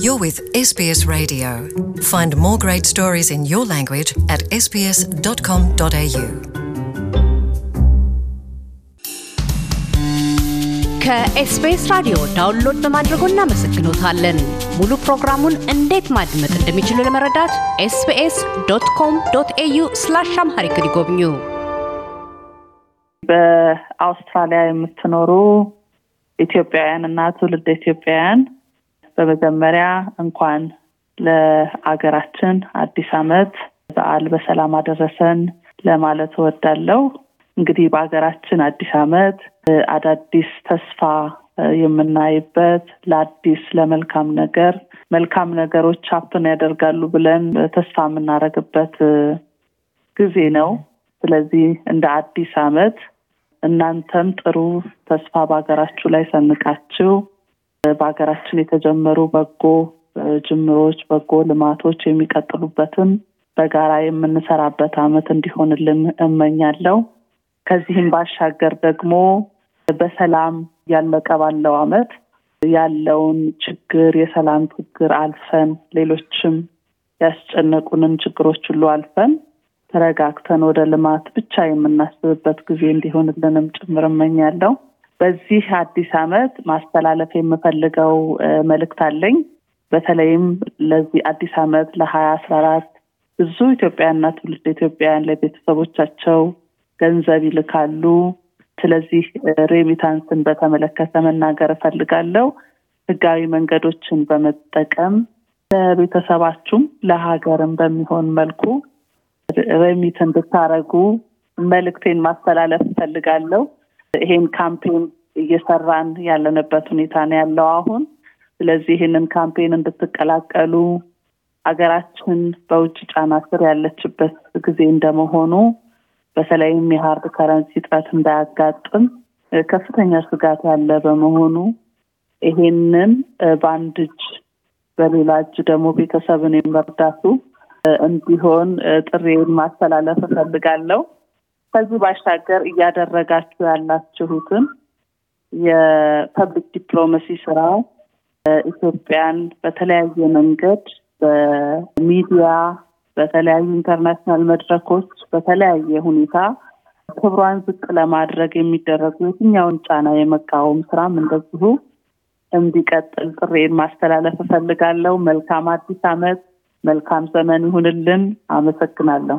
You're with SBS Radio. Find more great stories in your language at sbs.com.au. SBS Radio download the Madragon Namasakinothalan. Mulu program and date madmet and Michelin Maradat, sbs.com.au slash Sharikarikovnu. በአውስትራሊያ የምትኖሩ ኢትዮጵያውያን እና ትውልድ ኢትዮጵያውያን በመጀመሪያ እንኳን ለአገራችን አዲስ ዓመት በዓል በሰላም አደረሰን ለማለት እወዳለሁ። እንግዲህ በሀገራችን አዲስ ዓመት አዳዲስ ተስፋ የምናይበት ለአዲስ ለመልካም ነገር መልካም ነገሮች ሀፕን ያደርጋሉ ብለን ተስፋ የምናደርግበት ጊዜ ነው። ስለዚህ እንደ አዲስ ዓመት እናንተም ጥሩ ተስፋ በሀገራችሁ ላይ ሰንቃችሁ በሀገራችን የተጀመሩ በጎ ጅምሮች፣ በጎ ልማቶች የሚቀጥሉበትን በጋራ የምንሰራበት አመት እንዲሆንልን እመኛለሁ። ከዚህም ባሻገር ደግሞ በሰላም ያለቀ ባለው አመት ያለውን ችግር የሰላም ችግር አልፈን ሌሎችም ያስጨነቁንን ችግሮች ሁሉ አልፈን ተረጋግተን ወደ ልማት ብቻ የምናስብበት ጊዜ እንዲሆንልንም ጭምር እመኛለሁ። በዚህ አዲስ ዓመት ማስተላለፍ የምፈልገው መልእክት አለኝ። በተለይም ለዚህ አዲስ ዓመት ለሀያ አስራ አራት ብዙ ኢትዮጵያና ትውልድ ኢትዮጵያውያን ለቤተሰቦቻቸው ገንዘብ ይልካሉ። ስለዚህ ሬሚታንስን በተመለከተ መናገር እፈልጋለሁ። ህጋዊ መንገዶችን በመጠቀም ለቤተሰባችሁም ለሀገርም በሚሆን መልኩ ሬሚትን ብታረጉ መልእክቴን ማስተላለፍ እፈልጋለሁ። ይሄን ካምፔን እየሰራን ያለንበት ሁኔታ ነው ያለው አሁን። ስለዚህ ይህንን ካምፔን እንድትቀላቀሉ ሀገራችን በውጭ ጫና ስር ያለችበት ጊዜ እንደመሆኑ በተለይም የሀርድ ከረንሲ እጥረት እንዳያጋጥም ከፍተኛ ስጋት ያለ በመሆኑ ይሄንን በአንድ እጅ በሌላ እጅ ደግሞ ቤተሰብን የመርዳቱ እንዲሆን ጥሪውን ማስተላለፍ እፈልጋለሁ። ከዚህ ባሻገር እያደረጋችሁ ያላችሁትን የፐብሊክ ዲፕሎማሲ ስራ ኢትዮጵያን በተለያየ መንገድ በሚዲያ፣ በተለያዩ ኢንተርናሽናል መድረኮች በተለያየ ሁኔታ ክብሯን ዝቅ ለማድረግ የሚደረጉ የትኛውን ጫና የመቃወም ስራም እንደዚሁ እንዲቀጥል ጥሬን ማስተላለፍ እፈልጋለሁ። መልካም አዲስ አመት መልካም ዘመን ይሁንልን። አመሰግናለሁ።